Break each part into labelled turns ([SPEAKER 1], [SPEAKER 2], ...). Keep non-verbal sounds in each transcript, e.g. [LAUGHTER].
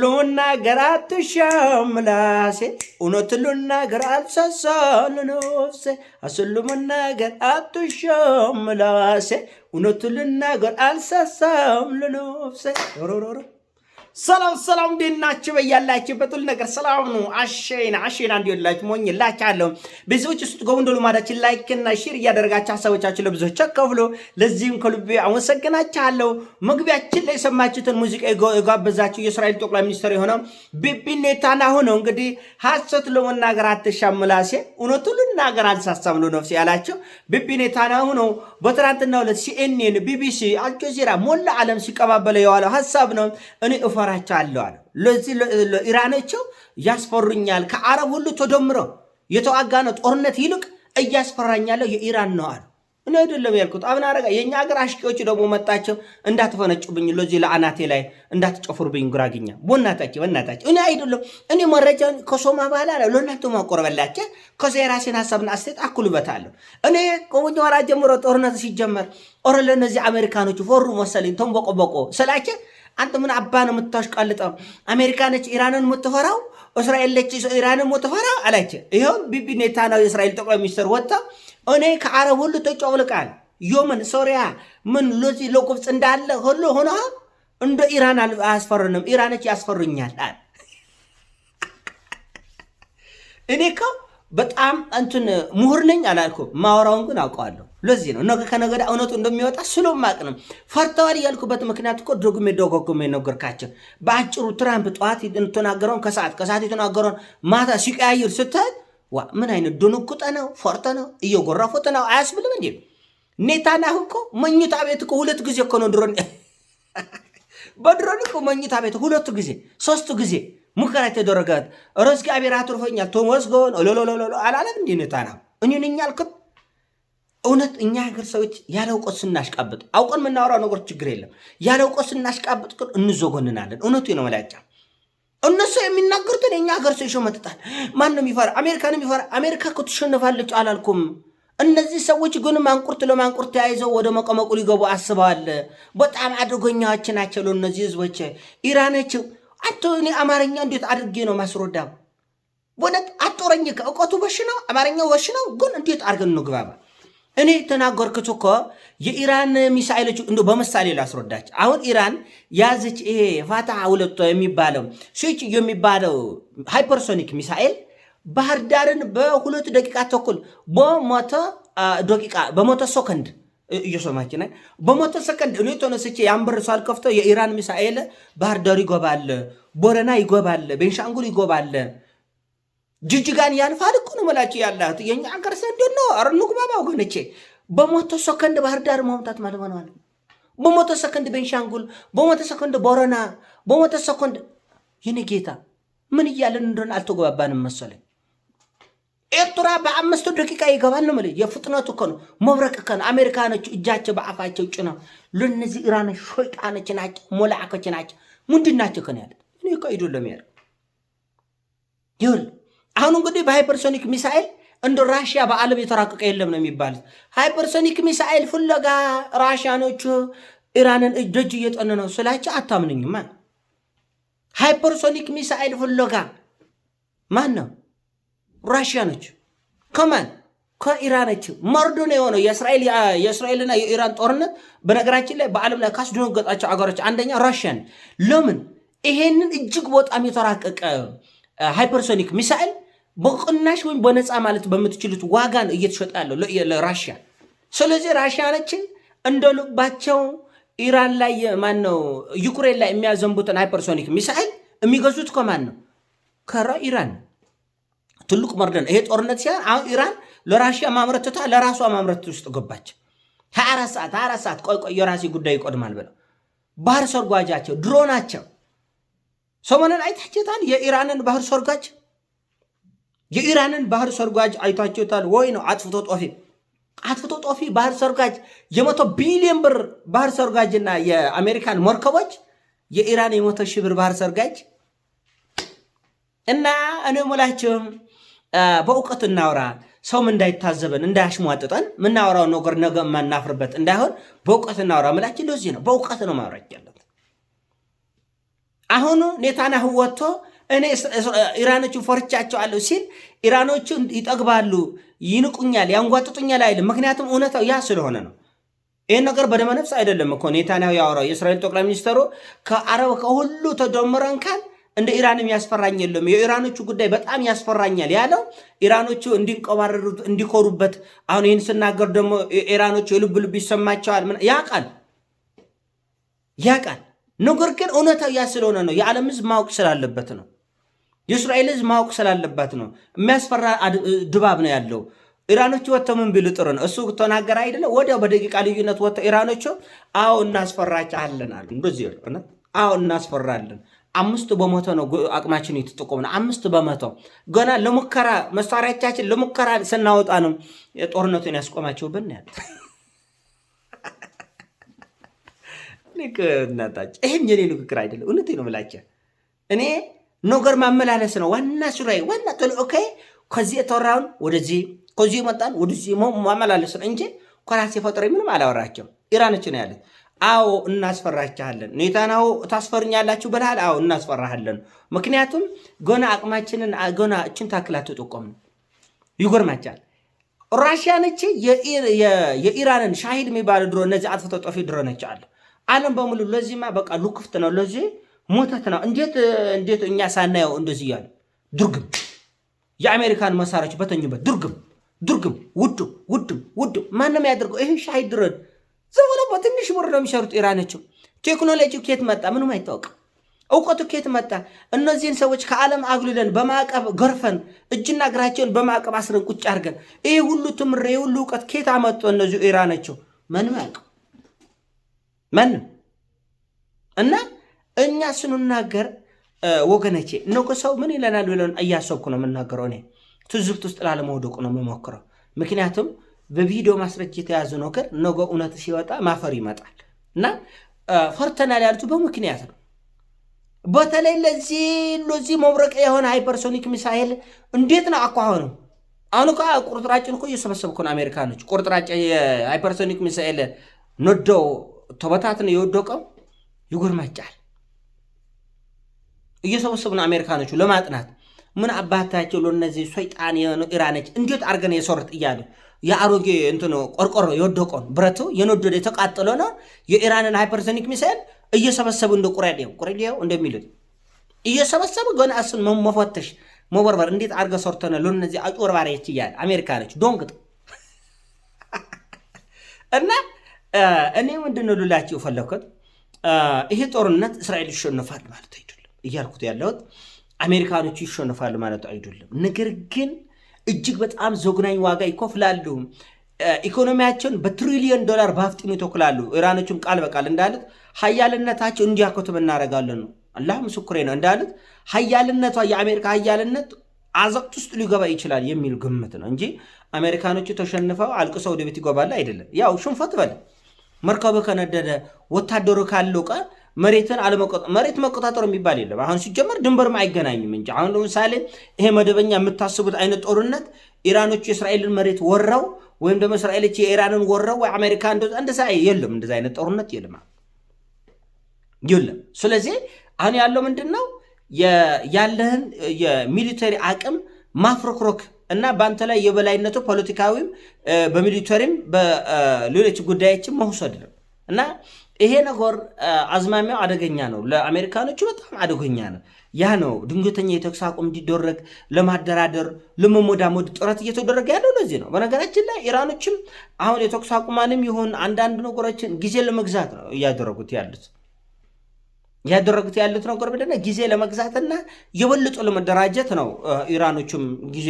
[SPEAKER 1] ሉናገር አትሻም ላሴ እውነት ሉናገር አልሳሳል ነፍሴ አስሉ ነገር አትሻም ምላሴ እውነት ሉናገር አልሳሳም ለነፍሴ ሰላም ሰላም፣ እንዴት ናችሁ? በያላችሁበት ሁሉ ነገር ሰላም ነው። አሸይና አሸይና እንዲላችሁ ሞኝላችኋለሁ። ቤተሰቦች ውስጥ ጎብ እንደሉ ማዳችን ላይክ እና ሼር እያደረጋችሁ ሀሳቦቻችሁ ለብዙዎች አካፍሉ። ለዚህም ከልቤ አመሰግናችኋለሁ። መግቢያችን ላይ የሰማችሁትን ሙዚቃ የጋበዛችሁ የእስራኤል ጠቅላይ ሚኒስትር የሆነው ቢቢ ኔታንያሁ ነው። እንግዲህ ሀሰት ለመናገር አትሻም ምላሴ፣ እውነቱን ልናገር አልሳሳም ነፍሴ ያላቸው ቢቢ ኔታንያሁ ነው። በትናንትናው ዕለት ሲኤንኤን፣ ቢቢሲ፣ አልጀዚራ ሞላ ዓለም ሲቀባበለው የዋለው ሀሳብ ነው እኔ እፈራቸዋለሁ አለ። ለዚህ ኢራኖቹ ያስፈሩኛል፣ ከአረብ ሁሉ ተደምሮ የተዋጋ ጦርነት ይልቅ እያስፈራኛለሁ የኢራን ነው አለ። እኔ አይደለም ያልኩት አብን አረጋ። የእኛ ሀገር አሽቂዎች ደግሞ መጣቸው እንዳትፈነጩብኝ፣ ለዚህ ለአናቴ ላይ እንዳትጨፍሩብኝ፣ ጉራግኛ በእናታቸው በእናታቸው። እኔ አይደለም እኔ መረጃ ከሶማ ባህል አለ ለእናንተ ማቆረበላቸ ከዚ የራሴን ሀሳብና አስተያየት አኩልበታለሁ። እኔ ከመጀመሪያ ጀምሮ ጦርነት ሲጀመር ኦረ ለእነዚህ አሜሪካኖቹ ፈሩ መሰለኝ ተንበቆበቆ ስላቸ አንተ ምን አባ ነው የምታሽቃልጠው? አሜሪካ ነች ኢራንን የምትፈራው፣ እስራኤል ነች ኢራንን የምትፈራው አላች። ይኸው ቢቢ ኔታንያሁ የእስራኤል ጠቅላይ ሚኒስትር ወጣ። እኔ ከአረብ ሁሉ ተጨውልቃል። የመን፣ ሶሪያ ምን ሎዚ ለቁብጽ እንዳለ ሁሉ ሆኖ እንደ ኢራን አያስፈሩንም፣ ኢራኖች ያስፈሩኛል አለ። እኔ እኮ በጣም እንትን ምሁር ነኝ አላልኩም፣ ማወራውን ግን አውቀዋለሁ። ለዚህ ነው ነገ ከነገዳ እውነቱ እንደሚወጣ ስለማቅ ነው። ፈርተዋል ያልኩበት ምክንያት እኮ ደግሜ ደጋግሜ ነገርካቸው። በአጭሩ ትራምፕ ጠዋት የተናገረውን ከሰዓት ከሰዓት የተናገረውን ማታ ሲቀያይር ስትል ዋ ምን አይነት ድንቁጠ ነው? ፎርተ ነው? እየጎረፉት ነው? አያስብልም እንዴ? ኔታንያሁ እኮ መኝታ ቤት እኮ ሁለት ጊዜ እኮ ነው ድሮን [LAUGHS] በድሮን እኮ መኝታ ቤት ሁለቱ ጊዜ ሶስቱ ጊዜ ሙከራ የተደረገት ርስ ጋቤር አትርፎኛል ቶሞስ ጎን ሎሎሎሎ አላለም እንዲ ኔታንያሁ እኔን እኛ አልክም እውነት እኛ ሀገር ሰዎች ያለ እውቀት ስናሽቃብጥ አውቀን የምናወራው ነገር ችግር የለም። ያለ እውቀት ስናሽቃብጥ ግን እንዞጎንናለን። እውነቱ ነው መላጫ እነሱ የሚናገሩትን የእኛ ሀገር ሰው ይሾመጥጣል። ማን ነው የሚፈራ? አሜሪካን የሚፈራ አሜሪካ እኮ ትሸንፋለች አላልኩም። እነዚህ ሰዎች ግን ማንቁርት ለማንቁርት ተያይዘው ወደ መቀመቁ ሊገቡ አስበዋል። በጣም አደገኛዎች ናቸው ለ እነዚህ ህዝቦች። ኢራኖች አቶ እኔ አማርኛ እንዴት አድርጌ ነው ማስረዳ? በእውነት አጦረኝ። ከእውቀቱ በሽ ነው አማርኛው በሽ ነው፣ ግን እንዴት አድርገን ግባባ እኔ ተናገርኩት እኮ የኢራን ሚሳኤሎች እንዶ በምሳሌ ላስረዳች። አሁን ኢራን ያዘች ይሄ ፋታ ሁለቶ የሚባለው ስዊች የሚባለው ሃይፐርሶኒክ ሚሳኤል ባህር ዳርን በሁለት ደቂቃ ተኩል በመቶ ደቂቃ በመቶ ሰከንድ እየሰማችን በመቶ ሰከንድ እኔ ተነስቼ የአንበር ሰል ከፍቶ የኢራን ሚሳኤል ባህር ዳር ይጎባል፣ ቦረና ይጎባል፣ ቤንሻንጉል ይጎባል ጅጅጋን ያልፋል እኮ ነው መላቸው ያላት የኛ ሀገር ሰንዴ ነው። ኧረ እንግባባ ወገኖቼ። በሞቶ ሰከንድ ባህር ዳር መምጣት ማለት ሆነዋል። በሞቶ ሰከንድ ቤንሻንጉል፣ በሞቶ ሰከንድ ቦረና፣ በሞቶ ሰከንድ ይህን ጌታ ምን እያለን እንደሆነ አልተጎባባንም መሰለኝ። ኤርትራ በአምስቱ ደቂቃ ይገባል ነው ማለት የፍጥነቱ እኮ ነው። መብረቅ እኮ ነው። አሜሪካኖቹ እጃቸው በአፋቸው ጭነው ለነዚህ ኢራኖች ሾይጣኖች ናቸው፣ ሞላአኮች ናቸው። ምንድን ናቸው ከን ያለ እኔ እኮ አይደለም ያለ ይሁል አሁን እንግዲህ በሃይፐርሶኒክ ሚሳኤል እንደ ራሽያ በዓለም የተራቀቀ የለም ነው የሚባሉት። ሃይፐርሶኒክ ሚሳኤል ፍለጋ ራሽያኖቹ ኢራንን እጅ እየጠነ ነው ስላቸው አታምንኝማ። ሃይፐርሶኒክ ሚሳኤል ፍለጋ ማን ነው? ራሽያኖች ከማን ከኢራኖች መርዶ ነው የሆነው የእስራኤልና የኢራን ጦርነት። በነገራችን ላይ በዓለም ላይ ካስደነገጣቸው አገሮች አንደኛ ራሽያን። ለምን ይሄንን እጅግ በጣም የተራቀቀ ሃይፐርሶኒክ ሚሳኤል በቅናሽ ወይም በነፃ ማለት በምትችሉት ዋጋ ነው እየተሸጠ ያለው ለራሽያ። ስለዚህ ራሽያ ራሽያኖችን እንደ ልባቸው ኢራን ላይ ማነው ዩክሬን ላይ የሚያዘንቡትን ሃይፐርሶኒክ ሚሳይል የሚገዙት ከማን ነው? ከራ ኢራን ትልቅ መርደን። ይሄ ጦርነት ሲያ አሁን ኢራን ለራሽያ ማምረት ትታ ለራሷ ማምረት ውስጥ ገባች። 24 ሰዓት 24 ሰዓት ቆይ ቆይ የራሴ ጉዳይ ይቆድማል ብለው ባህር ሰርጓጃቸው ድሮናቸው ሰሞኑን አይታችሁታል። የኢራንን ባህር ሰርጓጅ የኢራንን ባህር ሰርጓጅ አይቷቸውታል ወይ ነው አጥፍቶ ጦፊ አጥፍቶ ጦፊ ባህር ሰርጓጅ የመቶ ቢሊዮን ብር ባህር ሰርጓጅ እና የአሜሪካን መርከቦች የኢራን የመቶ ሺህ ብር ባህር ሰርጓጅ እና እኔ ሙላቸው በእውቀት እናውራ ሰውም እንዳይታዘበን እንዳያሽሟጥጠን ምናወራው ነገር ነገ የማናፍርበት እንዳይሆን በእውቀት እናውራ ምላችን ለዚህ ነው በእውቀት ነው ማውራት ያለት አሁኑ ኔታንያሁ ወጥቶ እኔ ኢራኖችን ፈርቻቸዋለሁ ሲል ኢራኖቹ ይጠግባሉ፣ ይንቁኛል፣ ያንጓጥጡኛል አይልም። ምክንያቱም እውነታው ያ ስለሆነ ነው። ይህን ነገር በደመ ነፍስ አይደለም እኮ ኔታንያሁ ያወራው። የእስራኤል ጠቅላይ ሚኒስተሩ ከአረብ ከሁሉ ተደምረን ካል እንደ ኢራንም ያስፈራኝ የለም የኢራኖቹ ጉዳይ በጣም ያስፈራኛል ያለው ኢራኖቹ እንዲንቀባረሩት እንዲኮሩበት። አሁን ይህን ስናገር ደግሞ ኢራኖቹ የልብ ልብ ይሰማቸዋል። ያ ቃል ነገር ግን እውነታው ያ ስለሆነ ነው። የዓለም ህዝብ ማወቅ ስላለበት ነው። የእስራኤል ህዝብ ማወቅ ስላለባት ነው። የሚያስፈራ ድባብ ነው ያለው። ኢራኖች ወጥተው ምን ቢሉ ጥሩ ነው? እሱ ተናገረ አይደለ? ወዲያው በደቂቃ ልዩነት ወጥተው ኢራኖቹ አዎ እናስፈራችኋለን አሉ። እንደዚህ አዎ እናስፈራለን። አምስት በመቶ ነው አቅማችን የተጠቆም ነው። አምስት በመቶ ገና ለሙከራ መሳሪያቻችን ለሙከራ ስናወጣ ነው ጦርነቱን ያስቆማችሁብን ያለ ልክ እናጣጭ ይህም የኔ ንግግር አይደለም፣ እውነቴን ነው የምላቸው እኔ ነገር ማመላለስ ነው ዋና ስራዬ፣ ዋና ተልዕኮዬ። ከዚህ የተወራውን ወደዚህ፣ ከዚህ መጣን ወደዚህ ማመላለስ ነው እንጂ ከራሴ ፈጥሮ ምንም አላወራቸውም። ኢራኖች ነው ያለት። አዎ እናስፈራችኋለን። ኔታንያሁ ታስፈርኛላችሁ ብለሃል? አዎ እናስፈራሃለን። ምክንያቱም ገና አቅማችንን ገና እችን ታክል አትጠቆም ነው። ይጎርማቻል። ራሽያኖች የኢራንን ሻሂድ የሚባሉ ድሮ እነዚህ አጥፍቶ ጠፊ ድሮኖች አለ አለም በሙሉ ለዚህማ በቃ ሉክፍት ነው ለዚህ ሞተት ነው። እንዴት እንዴት እኛ ሳናየው እንደዚህ እያለ ድርግም የአሜሪካን መሳሪያዎች በተኙበት ድርግም ድርግም ውዱ ውድም ውድም ማንም ያደርገው ይህ ሻይ ድረን ዘመኖ በትንሽ ብር ነው የሚሰሩት ኢራኖችም። ቴክኖሎጂው ኬት መጣ? ምንም አይታወቅም። እውቀቱ ኬት መጣ? እነዚህን ሰዎች ከዓለም አግልለን በማዕቀብ ገርፈን እጅና እግራቸውን በማዕቀብ አስረን ቁጭ አድርገን ይህ ሁሉ ትምህርት ይህ ሁሉ እውቀት ኬት አመጡ? እነዚሁ ኢራኖችው ምንም ያውቅ ማንም እና እኛ ስንናገር ወገነቼ ነገ ሰው ምን ይለናል ብለን እያሰብኩ ነው የምናገረው። እኔ ትዝብት ውስጥ ላለመውደቁ ነው የምሞክረው። ምክንያቱም በቪዲዮ ማስረጃ የተያዙ ነገር ነገ እውነት ሲወጣ ማፈር ይመጣል እና ፈርተናል ያሉት በምክንያት ነው። በተለይ ለዚህ ለዚህ መብረቅ የሆነ ሃይፐርሶኒክ ሚሳይል እንዴት ነው አኳሆኑ? አሁን እኮ ቁርጥራጭን እኮ እየሰበሰብኩ ነው። አሜሪካኖች ቁርጥራጭ የሃይፐርሶኒክ ሚሳኤል ነዶ ተበታትን የወደቀው ይጎርማጫል። እየሰበሰቡ ነው አሜሪካኖቹ ለማጥናት። ምን አባታቸው ለነዚህ ሰይጣን የሆኑ ኢራኖች እንዴት አርገን የሰሩት እያሉ የአሮጌ እንትኑ ቆርቆሮ የወደቀውን ብረቱ የነወደደ የተቃጠለ ነው የኢራንን ሃይፐርሶኒክ ሚሳይል እየሰበሰቡ እንደ ቁሬዴው ቁሬዴው እንደሚሉት እየሰበሰቡ ገና እሱን መፈተሽ መበርበር እንዴት አርገ ሰርተነ ለነዚህ አጭበርባሪዎች እያለ አሜሪካኖች ዶንግጥ [LAUGHS] እና እኔ ምንድን ነው ልላችሁ ይሄ ጦርነት እስራኤል ይሸነፋል ማለት አይደለም። እያልኩት ያለሁት አሜሪካኖቹ ይሸነፋሉ ማለት አይደለም። ነገር ግን እጅግ በጣም ዘግናኝ ዋጋ ይከፍላሉ። ኢኮኖሚያቸውን በትሪሊዮን ዶላር በአፍጢሙ ይተኩላሉ። ኢራኖቹም ቃል በቃል እንዳሉት ሀያልነታቸው እንዲያከትም እናደርጋለን ነው። አላህ ምስኩሬ ነው። እንዳሉት ሀያልነቷ የአሜሪካ ሀያልነት አዘቅት ውስጥ ሊገባ ይችላል የሚል ግምት ነው እንጂ አሜሪካኖቹ ተሸንፈው አልቅሰው ወደ ቤት ይገባል አይደለም። ያው ሽንፈት በለ መርከቡ ከነደደ ወታደሩ ካለቀ መሬትን አለመቆጣጠር መሬት መቆጣጠር የሚባል የለም። አሁን ሲጀመር ድንበርም አይገናኝም እንጂ አሁን ለምሳሌ ይሄ መደበኛ የምታስቡት አይነት ጦርነት ኢራኖቹ የእስራኤልን መሬት ወረው ወይም ደግሞ እስራኤሎች የኢራንን ወረው ወይ አሜሪካ እንደዛ የለም፣ እንደዛ አይነት ጦርነት የለም የለም። ስለዚህ አሁን ያለው ምንድን ነው ያለህን የሚሊተሪ አቅም ማፍረክሮክ እና በአንተ ላይ የበላይነቱ ፖለቲካዊም በሚሊተሪም በሌሎች ጉዳዮችም መውሰድ ነው እና ይሄ ነገር አዝማሚያው አደገኛ ነው፣ ለአሜሪካኖቹ በጣም አደገኛ ነው። ያ ነው ድንገተኛ የተኩስ አቁም እንዲደረግ ለማደራደር ለመሞዳሞድ ጥረት እየተደረገ ያለው ለዚህ ነው። በነገራችን ላይ ኢራኖችም አሁን የተኩስ አቁማንም ይሁን አንዳንድ ነገሮችን ጊዜ ለመግዛት ነው እያደረጉት ያሉት ያደረጉት ያሉት ነገር ምንድን ነው? ጊዜ ለመግዛትና የበለጡ ለመደራጀት ነው። ኢራኖቹም ጊዜ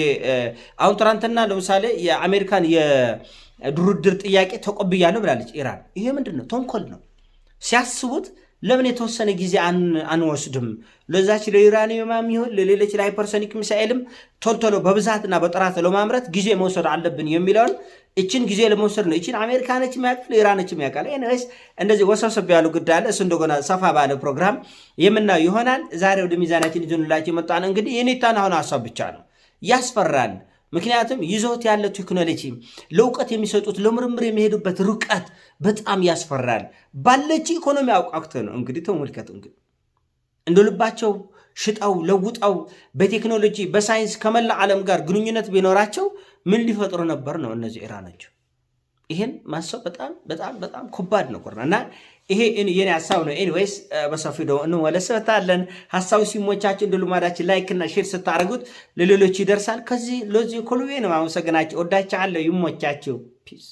[SPEAKER 1] አሁን ትናንትና ለምሳሌ የአሜሪካን የድርድር ጥያቄ ተቆብያለሁ ብላለች ኢራን። ይሄ ምንድን ነው? ተንኮል ነው። ሲያስቡት ለምን የተወሰነ ጊዜ አንወስድም? ለዛች ለዩራኒየም ይሁን ለሌሎች ለሃይፐርሶኒክ ሚሳኤልም ቶልቶሎ በብዛትና በጥራት ለማምረት ጊዜ መውሰድ አለብን የሚለውን እችን ጊዜ ለመውሰድ ነው። እችን አሜሪካኖች ያውቃል፣ ኢራኖች ያውቃል። ስ እንደዚህ ወሰብሰብ ያሉ ጉዳይ አለ። እሱ እንደሆነ ሰፋ ባለ ፕሮግራም የምናየው ይሆናል። ዛሬ ወደ ሚዛናችን ይዘንላችሁ የመጣነው እንግዲህ የኔታንያሁን ሀሳብ ብቻ ነው። ያስፈራል። ምክንያቱም ይዞት ያለ ቴክኖሎጂ ለእውቀት የሚሰጡት ለምርምር የሚሄዱበት ርቀት በጣም ያስፈራል። ባለች ኢኮኖሚ አውቃክተ ነው እንግዲህ ተመልከት። እንግዲህ እንደ ልባቸው ሽጠው ለውጠው በቴክኖሎጂ በሳይንስ ከመላ ዓለም ጋር ግንኙነት ቢኖራቸው ምን ሊፈጥሩ ነበር ነው እነዚህ ኢራኖች። ይህን ማሰብ በጣም በጣም በጣም ከባድ ነው እና ይሄ የኔ ሀሳብ ነው። ኤኒዌይስ በሰፊው ደግሞ እንመለስበታለን። ሀሳቡ ሲሞቻችን እንደ ልማዳችን ላይክና ሼር ስታደርጉት ለሌሎች ይደርሳል። ከዚህ ለዚህ ኮልቤ ነው አመሰግናቸው። ወዳቻ አለው። ይሞቻችሁ። ፒስ